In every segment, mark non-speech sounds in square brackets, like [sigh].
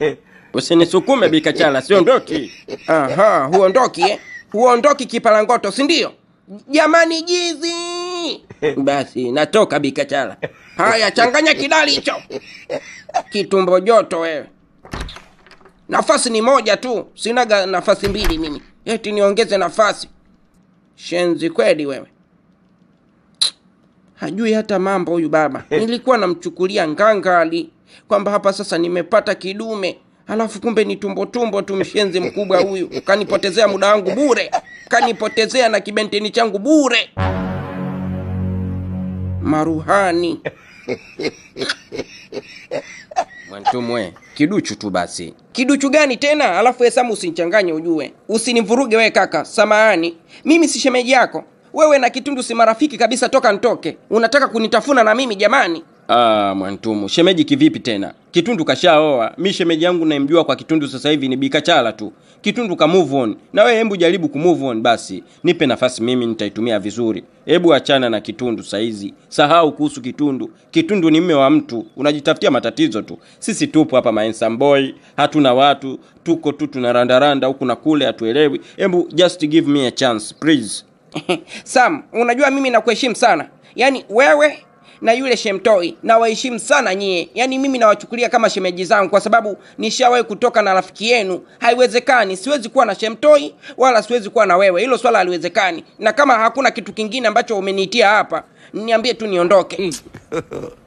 [laughs] Usinisukume Bikachala, siondoki. Aha, huondoki eh? Huondoki kipalangoto, si ndio? Jamani jizi. Basi natoka Bikachala. Haya, changanya kidali hicho, kitumbo joto wewe. Nafasi ni moja tu, sinaga nafasi mbili mimi, eti niongeze nafasi. Shenzi kweli wewe hajui hata mambo huyu baba. Eh. Nilikuwa namchukulia ngangali kwamba hapa sasa nimepata kidume, alafu kumbe ni tumbotumbo tu. Mshenzi mkubwa huyu kanipotezea muda wangu bure, kanipotezea na kibenteni changu bure. Maruhani [laughs] mwantumwe kiduchu tu basi. Kiduchu gani tena? Alafu Hesamu, usinichanganye ujue, usinivuruge wee kaka, samahani, mimi si shemeji yako wewe na Kitundu si marafiki kabisa, toka ntoke. Unataka kunitafuna na mimi jamani? Ah, Mwantumu, shemeji kivipi tena? Kitundu kashaoa. Mi shemeji yangu naimjua kwa Kitundu sasa hivi ni bikachala tu. Kitundu ka move on, na wewe hebu jaribu ku move on basi. Nipe nafasi mimi, nitaitumia vizuri. Hebu achana na Kitundu saizi, sahau kuhusu Kitundu. Kitundu ni mme wa mtu, unajitafutia matatizo tu. Sisi tupo hapa Maensamboi, hatuna watu, tuko tu tunarandaranda huku na kule, hatuelewi. Hebu just give me a chance please. [laughs] Sam, unajua mimi nakuheshimu sana, yaani wewe na yule Shemtoi nawaheshimu sana nyie, yaani mimi nawachukulia kama shemeji zangu, kwa sababu nishawahi kutoka na rafiki yenu. Haiwezekani, siwezi kuwa na Shemtoi wala siwezi kuwa na wewe, hilo swala haliwezekani. Na kama hakuna kitu kingine ambacho umeniitia hapa, niambie tu niondoke. Hmm.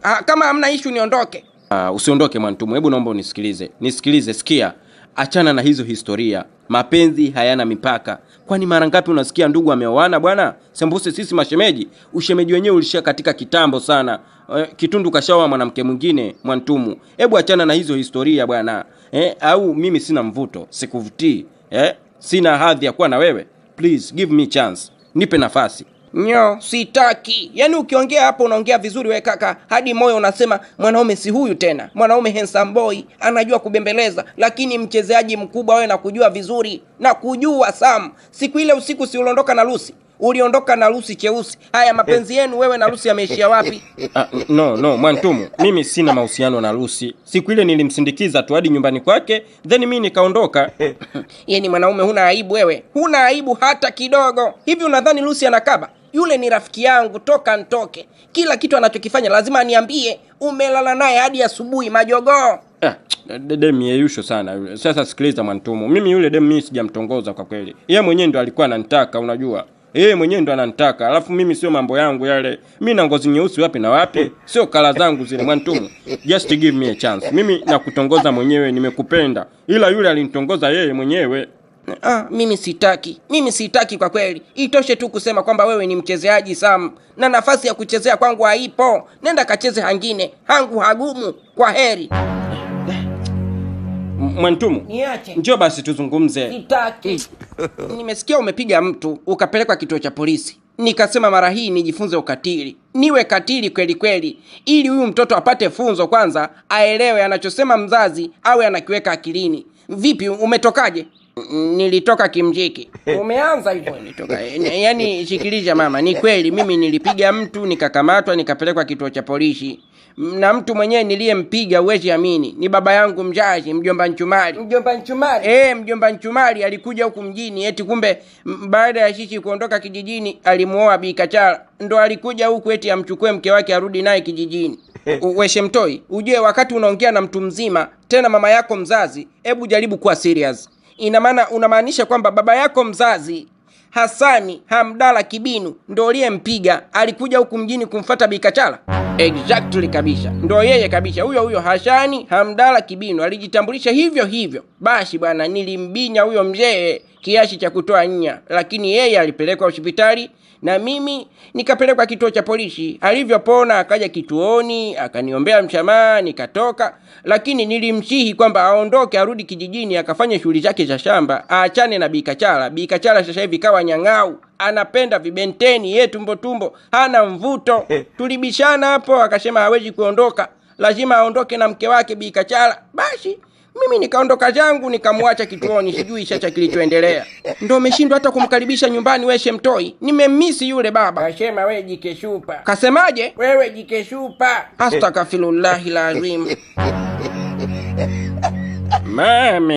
Ha, kama hamna ishu niondoke. Uh, usiondoke Mwantumu, hebu naomba unisikilize, nisikilize, sikia achana na hizo historia. Mapenzi hayana mipaka. Kwani mara ngapi unasikia ndugu ameoana bwana? Sembuse sisi mashemeji, ushemeji wenyewe ulishia katika kitambo sana. Eh, Kitundu kashawa mwanamke mwingine mwantumu. Hebu achana na hizo historia bwana. e, au mimi sina mvuto, sikuvutii. Eh, sina hadhi ya kuwa na wewe. Please give me chance. Nipe nafasi nyo sitaki. Yani ukiongea hapo unaongea vizuri we kaka, hadi moyo unasema mwanaume si huyu tena, mwanaume handsome boy anajua kubembeleza, lakini mchezaji mkubwa wewe, nakujua vizuri na kujua Sam. Siku ile usiku si uliondoka na Lucy uliondoka na Lucy cheusi. Haya, mapenzi yenu wewe na Lucy yameishia wapi? uh, no no, Mwantumu, mimi sina mahusiano na Lucy. Siku ile nilimsindikiza tu hadi nyumbani kwake, then mimi nikaondoka. [laughs] Yaani mwanaume, huna aibu wewe, huna aibu hata kidogo. Hivi unadhani Lucy anakaba? yule ni rafiki yangu toka ntoke, kila kitu anachokifanya lazima aniambie. Umelala naye hadi asubuhi, majogoo. Eh, dem yeyusho sana. Sasa sikiliza, Mwantumu, mimi yule dem mimi sijamtongoza kwa kweli, yeye mwenyewe ndo alikuwa ananitaka, unajua yeye mwenyewe ndo anantaka alafu mimi sio mambo yangu yale. Mimi na ngozi nyeusi wapi na wapi, sio kala zangu zile. Mwantumu, just give me a chance, mimi nakutongoza mwenyewe, nimekupenda, ila yule alinitongoza yeye mwenyewe. Ah, mimi sitaki, mimi sitaki kwa kweli. Itoshe tu kusema kwamba wewe ni mchezeaji Sam, na nafasi ya kuchezea kwangu haipo. Nenda kacheze hangine, hangu hagumu. Kwa heri. Mwentumu, njoo basi tuzungumze. Sitaki. [laughs] Nimesikia umepiga mtu ukapelekwa kituo cha polisi. Nikasema mara hii nijifunze ukatili, niwe katili kweli kweli, ili huyu mtoto apate funzo kwanza, aelewe anachosema mzazi awe anakiweka akilini. Vipi, umetokaje? nilitoka kimjiki. [laughs] Umeanza hivyo. Nilitoka. shikilisha mama, ni kweli mimi nilipiga mtu nikakamatwa nikapelekwa kituo cha polisi. Na mtu mwenyewe niliyempiga uwezi amini, ni baba yangu mzazi, mjomba Nchumari. Mjomba Nchumari. Eh, mjomba Nchumari alikuja huku mjini eti kumbe baada ya shishi kuondoka kijijini alimuoa Bi Kachala. Ndo alikuja huku eti amchukue mke wake arudi naye kijijini. [laughs] mtoi ujue wakati unaongea na mtu mzima, tena mama yako mzazi, hebu jaribu kuwa serious ina maana unamaanisha kwamba baba yako mzazi Hasani Hamdala Kibinu ndo uliyempiga, alikuja huku mjini kumfata Bikachala. Exactly kabisa, ndo yeye kabisa, huyo huyo Hasani Hamdala Kibinu alijitambulisha hivyo hivyo. Basi bwana, nilimbinya huyo mzee kiasi cha kutoa nya, lakini yeye alipelekwa hospitali na mimi nikapelekwa kituo cha polisi. Alivyopona akaja kituoni akaniombea mshamaa nikatoka, lakini nilimsihi kwamba aondoke, arudi kijijini, akafanye shughuli zake za shamba, aachane na Bikachara. Bikachara sasa hivi kawa nyang'au, anapenda vibenteni, ye tumbo tumbo, hana mvuto. [laughs] Tulibishana hapo, akasema hawezi kuondoka, lazima aondoke na mke wake Bikachara. Basi mimi nikaondoka zangu nikamwacha kituoni, sijui sasa kilichoendelea. Ndo umeshindwa hata kumkaribisha nyumbani, we shemtoi. nimemisi yule baba. Kasema we jikeshupa. Kasemaje? Wewe jikeshupa. astakafirullahi lazim. [laughs] Mami.